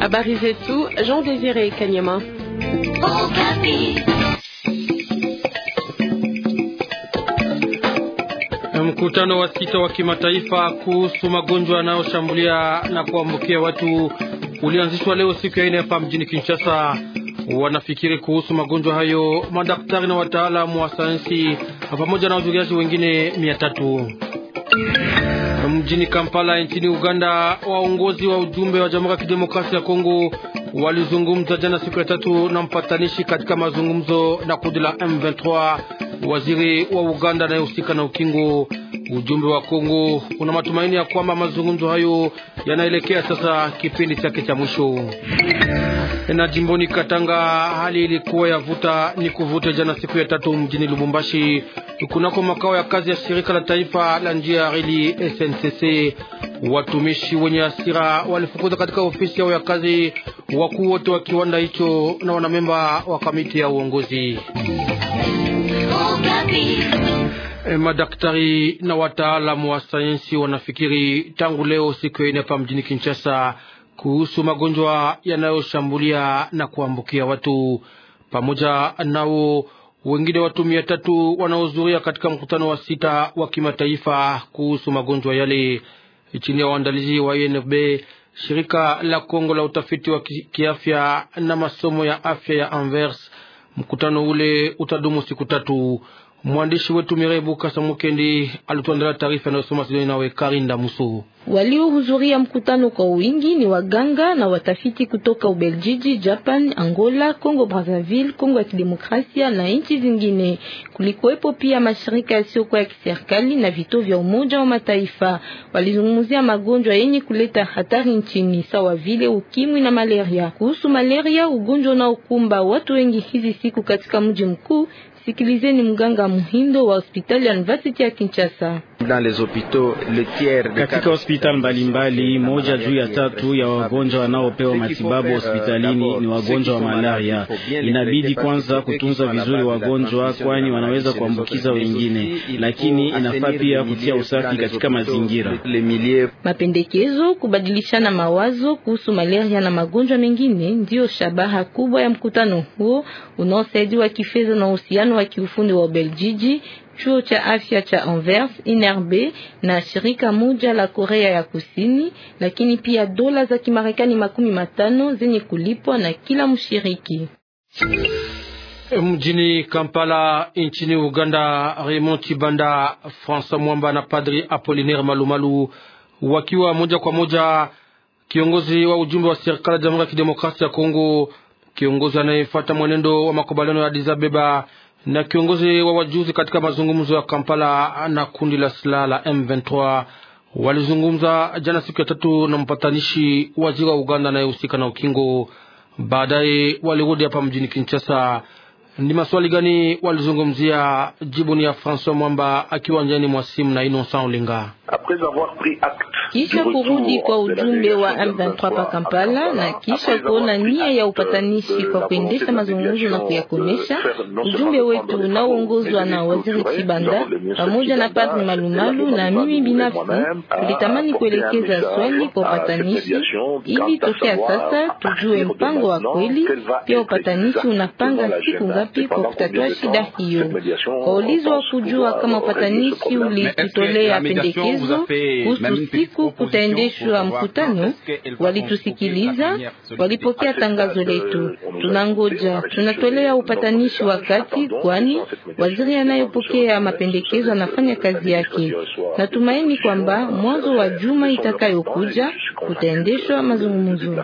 Habari zetu Jean Désiré Kanyama. Mkutano wa sita wa kimataifa kuhusu magonjwa yanayoshambulia na kuambukia watu ulianzishwa leo siku ya ine hapa mjini Kinshasa. Wanafikiri kuhusu magonjwa hayo madaktari na wataalamu wa sayansi pamoja na wazuriaji wengine mia tatu mjini Kampala nchini Uganda, waongozi wa ujumbe wa Jamhuri ya Kidemokrasia ya Kongo walizungumza jana siku ya tatu na mpatanishi katika mazungumzo na kundi la M23, waziri wa Uganda anayehusika na ukingo. Ujumbe wa Kongo una matumaini ya kwamba mazungumzo hayo yanaelekea sasa kipindi chake cha mwisho. Na jimboni Katanga, hali ilikuwa yavuta ni kuvute jana siku ya tatu mjini Lubumbashi kunako makao ya kazi ya shirika la taifa la njia ya reli SNCC. Watumishi wenye hasira walifukuza katika ofisi yao ya kazi wakuu wote wa kiwanda hicho na wanamemba wa kamiti ya uongozi. E, madaktari na wataalamu wa sayansi wanafikiri tangu leo siku ya ine hapa mjini Kinshasa kuhusu magonjwa yanayoshambulia na kuambukia watu pamoja nao wengine watu mia tatu wanaohudhuria katika mkutano wa sita wa kimataifa kuhusu magonjwa yale chini ya waandalizi wa UNFB, shirika la Kongo la utafiti wa kiafya na masomo ya afya ya Anvers. Mkutano ule utadumu siku tatu. Mwandishi wetu Mirebu Kasa Mukendi alituandalia taarifa inayosoma Sidoni nawe Karinda Musu. Waliohudhuria mkutano kwa wingi ni waganga na watafiti kutoka Ubeljiji, Japan, Angola, Congo Brazzaville, Congo ya Kidemokrasia na nchi zingine. Kulikuwepo pia mashirika yasiyokuwa ya kiserikali na vituo vya Umoja wa Mataifa. Walizungumzia magonjwa yenye kuleta hatari nchini sawa vile ukimwi na malaria. Kuhusu malaria, ugonjwa unaokumba watu wengi hizi siku katika mji mkuu, Sikilizeni mganga Muhindo wa hospitali ya University ya Kinshasa katika hospitali mbalimbali. Moja juu ya tatu ya wagonjwa wanaopewa matibabu euh, hospitalini ni wagonjwa wa malaria. Inabidi kwanza kutunza vizuri wagonjwa, kwani wanaweza kuambukiza wengine, lakini inafaa pia kutia usafi katika mazingira. Mapendekezo kubadilishana mawazo kuhusu malaria na magonjwa mengine ndiyo shabaha kubwa ya mkutano huo unaosaidiwa kifedha na uhusiano wa kiufundi wa Ubelgiji chuo cha afya cha Anvers Inerbe na shirika moja la Korea ya Kusini, lakini pia dola za Kimarekani makumi matano zenye kulipwa na kila mshiriki. Mjini Kampala nchini Uganda, Raymond Chibanda, Francois Mwamba na Padri Apollinaire Malumalu wakiwa moja kwa moja kiongozi wa ujumbe wa serikali ya Jamhuri ya Kidemokrasia ya Kongo, kiongozi anayefuata mwenendo wa makubaliano ya Addis Ababa na kiongozi wa wajuzi katika mazungumzo ya Kampala na kundi la silaha la M23 walizungumza jana siku ya tatu na mpatanishi waziri wa Uganda anayehusika na ukingo. Baadaye walirudi hapa mjini Kinshasa. Ni maswali gani walizungumzia? Jibu ni ya Francois Mwamba akiwa njiani mwa simu na Innocent Olinga kisha kurudi kwa ujumbe wa M23 pa Kampala na kisha kuona nia ya upatanishi kwa kuendesha mazungumzo na kuyakomesha. Ujumbe wetu unaoongozwa na Waziri Chibanda pamoja na Padre Malumalu na mimi binafsi tulitamani kuelekeza swali kwa upatanishi, ili tokea sasa tujue mpango wa kweli. Pia upatanishi unapanga siku ngapi kwa kutatua shida hiyo? wa kujua kama upatanishi ulitutolea pendekezo maelezo kuhusu siku kutaendeshwa mkutano. Walitusikiliza, walipokea tangazo euh, letu. Tunangoja, tunatolea upatanishi wakati, kwani waziri anayopokea mapendekezo anafanya kazi yake. Natumaini kwamba mwanzo wa juma itakayokuja kutaendeshwa mazungumzo.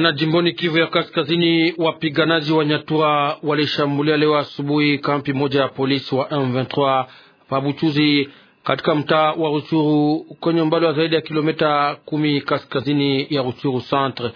Na jimboni Kivu ya Kaskazini, wapiganaji wa Nyatura walishambulia leo asubuhi kampi moja ya polisi wa M23 Pabuchuzi katika mtaa wa Ruchuru kwenye umbali wa zaidi ya kilomita kumi kaskazini ya Ruchuru centre.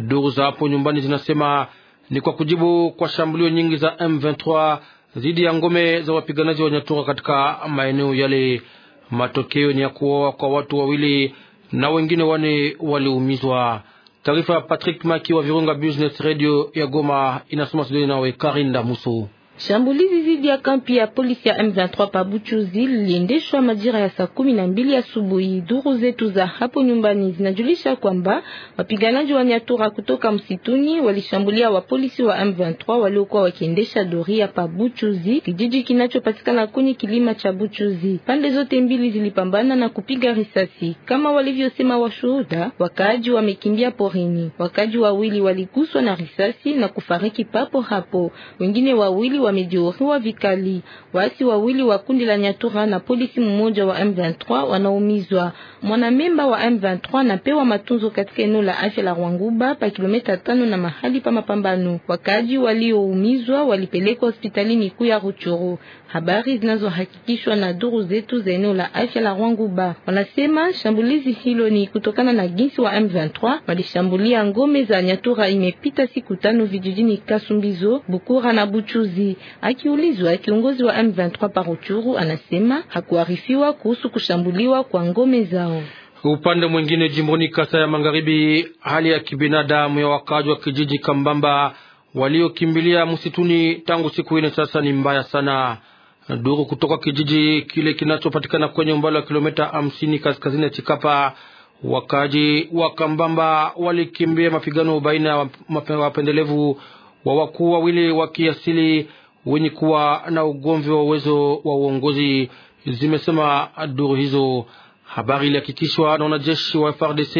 Duru za hapo nyumbani zinasema ni kwa kujibu kwa shambulio nyingi za M23 dhidi ya ngome za wapiganaji wa Nyatura katika maeneo yale. Matokeo ni ya kuoa kwa watu wawili na wengine wane waliumizwa. Taarifa ya Patrick Maki wa Virunga Business Radio ya Goma inasoma Sidoni nawe Karinda Musu. Shambulizi dhidi ya kampi ya polisi ya M23 pa Pabuchuzi liliendeshwa majira ya saa kumi na mbili asubuhi. Duru zetu za hapo nyumbani zinajulisha kwamba wapiganaji wa Nyatura kutoka msituni walishambulia wa polisi wa M23 waliokuwa wakiendesha doria Buchuzi, kijiji kinachopatikana kwenye kilima cha Buchuzi. Pande zote mbili zilipambana na kupiga risasi. Kama walivyosema washuhuda, wakaaji wamekimbia porini. Wakaaji wawili waliguswa na risasi na kufariki papo hapo, wengine wawili wamejeruhiwa vikali. Waasi wawili wa kundi la Nyatura na polisi mmoja wa M23 wanaumizwa. Mwanamemba wa M23 anapewa matunzo katika eneo la afya la Rwanguba pa kilomita tano na mahali pa mapambano. Wakaji walioumizwa walipelekwa hospitalini kuu ya Ruchuru. Habari zinazohakikishwa na duru zetu za eneo la afya la Rwanguba wanasema shambulizi hilo ni kutokana na ginsi wa M23 walishambulia ngome za Nyatura imepita siku tano vijijini Kasumbizo, Bukura na Buchuzi. Akiulizwa kuulizwa, kiongozi wa M23 Paruchuru anasema hakuarifiwa kuhusu kushambuliwa kwa ngome zao. Upande mwingine jimboni Kasa ya Magharibi, hali ya kibinadamu ya wakaaji wa kijiji Kambamba waliokimbilia msituni tangu siku ine sasa ni mbaya sana. Duru kutoka kijiji kile kinachopatikana kwenye umbali wa kilomita hamsini kaskazini ya Chikapa, wakaaji wa Kambamba walikimbia mapigano baina ya wapendelevu wa wakuu wawili wa kiasili wenye kuwa na ugomvi wa uwezo wa uongozi, zimesema duru hizo. Habari ilihakikishwa na wanajeshi wa FRDC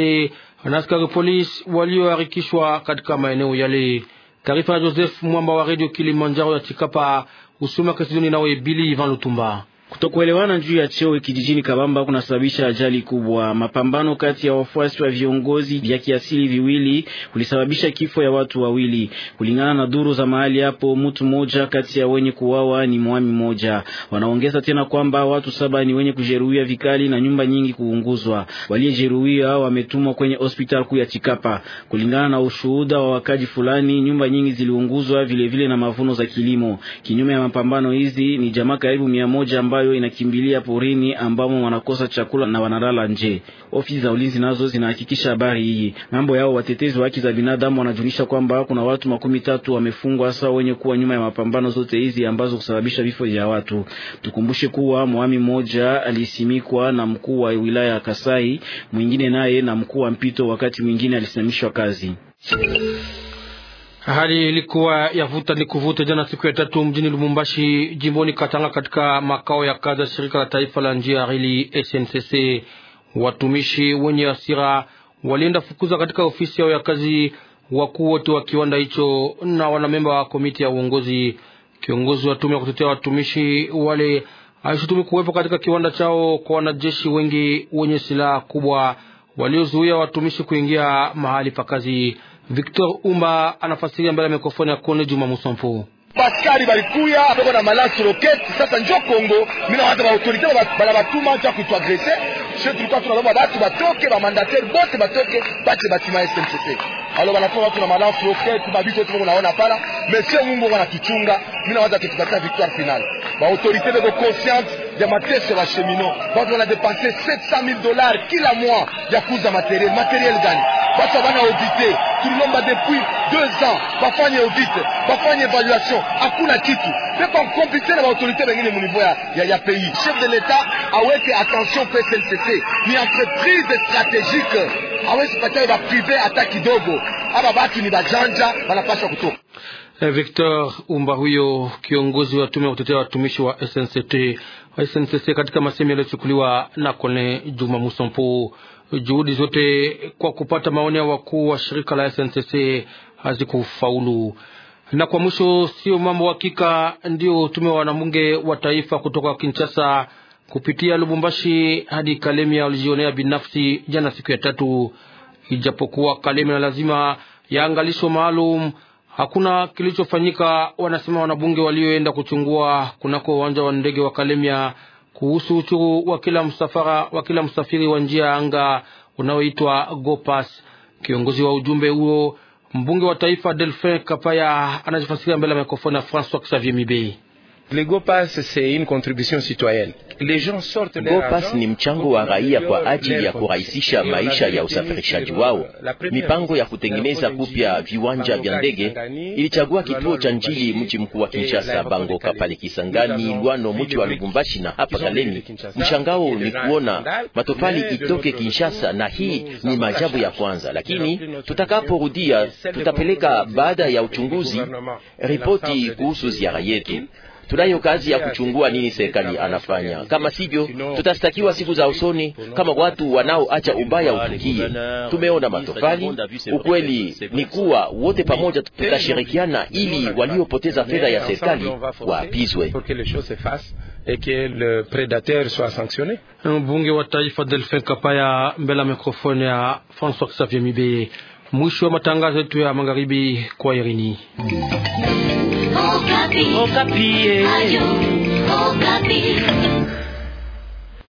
na askari polisi walioharikishwa katika maeneo yale. Taarifa ya Joseph Mwamba wa Radio Kilimanjaro ya Chikapa, usoma Kasidoni nawe Bili Ivan Lutumba. Kutokuelewana juu ya cheo kijijini Kabamba kunasababisha ajali kubwa. Mapambano kati ya wafuasi wa viongozi vya kiasili viwili kulisababisha kifo ya watu wawili, kulingana na duru za mahali hapo. Mtu mmoja kati ya wenye kuwawa ni mwami mmoja. Wanaongeza tena kwamba watu saba ni wenye kujeruhiwa vikali na nyumba nyingi kuunguzwa. Waliyejeruhiwa wametumwa kwenye hospitali kuu ya Chikapa. Kulingana na ushuhuda wa wakaji fulani, nyumba nyingi ziliunguzwa vilevile na mavuno za kilimo. Kinyume ya mapambano hizi ni jamaa karibu mia moja ambayo ambayo inakimbilia porini ambamo wanakosa chakula na wanalala nje. Ofisi za ulinzi nazo zinahakikisha habari hii. Ngambo yao watetezi wa haki za binadamu wanajulisha kwamba kuna watu makumi tatu wamefungwa hasa wenye kuwa nyuma ya mapambano zote hizi ambazo kusababisha vifo vya watu. Tukumbushe kuwa mwami mmoja alisimikwa na mkuu wa wilaya ya Kasai, mwingine naye na mkuu wa mpito, wakati mwingine alisimamishwa kazi. Hali ilikuwa yavuta ni kuvuta jana siku ya tatu mjini Lubumbashi, jimboni Katanga, katika makao ya kazi ya shirika la taifa la njia ya reli SNCC. Watumishi wenye hasira walienda fukuza katika ofisi yao ya kazi wakuu wote wa kiwanda hicho na wanamemba wa komiti ya uongozi. Kiongozi wa tume ya kutetea watumishi wale aishutumi kuwepo katika kiwanda chao kwa wanajeshi wengi wenye silaha kubwa waliozuia watumishi kuingia mahali pa kazi. Victor Umba anafasiria mbele ya mikrofoni ya Kone Juma Musomfu. Baskari balikuya peko na malasi roketi, sasa njo Kongo mina wata ba autorite bala sio, tulikuwa tunalomba batu batoke ba bote batoke bache batima SMCC alo banatoa watu na malasi roketi babito tu munaona pala monsieur Mungu wanatuchunga, mina wata victoire finale ba beko consciente ya mateso ba chemino watu wana depense 700000 dollars kila mois ya kuza materiel materiel gani wacha bana audite. Tuliomba depuis deux ans bafanye audit, bafanye evaluation, hakuna kitu pepa mkompite na baautorite bengine muniveau ya, ya pays. Chef de l'etat aweke attention PSLCC ni entreprise stratégique awezi patana baprive hata kidogo, aba batu ni bajanja banapaswa kutoka eh, Victor Umba huyo kiongozi wa tume ya kutetea watumishi wa SNCT, wa SNCC katika masemi yaliyochukuliwa na Kone Juma Musompo. juhudi zote kwa kupata maoni ya wakuu wa shirika la SNCC hazikufaulu. Na kwa mwisho, sio mambo hakika, ndio utume wa wanabunge wa taifa kutoka Kinshasa kupitia Lubumbashi hadi Kalemia walijionea binafsi jana siku ya tatu, ijapokuwa Kalemia lazima yaangalisho maalum hakuna kilichofanyika, wanasema wanabunge walioenda kuchungua kunako uwanja wa ndege wa Kalemia kuhusu uchuru wa kila msafara wa kila msafiri wa njia ya anga unaoitwa Gopas. Kiongozi wa ujumbe huo mbunge wa taifa Delphin Kapaya anajifasiria mbele ya mikrofoni ya François Xavier Mibe. Le GOPAS c'est une contribution citoyenne. Les gens sortent GOPAS ni mchango wa raia kwa ajili ya kurahisisha maisha ya usafirishaji wao. Mipango ya kutengeneza kupya viwanja vya ndege ilichagua kituo cha Njili, mji mkuu wa eh, Kinshasa, Bangoka pale Kisangani, Lwano mji wa Lubumbashi na hapa Kalemi. Mshangao ni kuona matofali itoke Kinshasa, na hii ni maajabu ya kwanza, lakini tutakaporudia tutapeleka baada ya uchunguzi ripoti kuhusu ziara yetu. Tunayo kazi ya kuchungua nini serikali anafanya, kama sivyo tutastakiwa siku za usoni kama watu wanaoacha ubaya utukie. Tumeona matofali. Ukweli ni kuwa wote pamoja tutashirikiana ili waliopoteza fedha ya serikali waapizwe. Mbunge wa taifa Kapaya mbele ya mikrofoni ya François Xavier Mibeye. Mwisho wa matangazo yetu ya magharibi kwa Irini. Okapi. Okapi. Eh. Ayo. Okapi.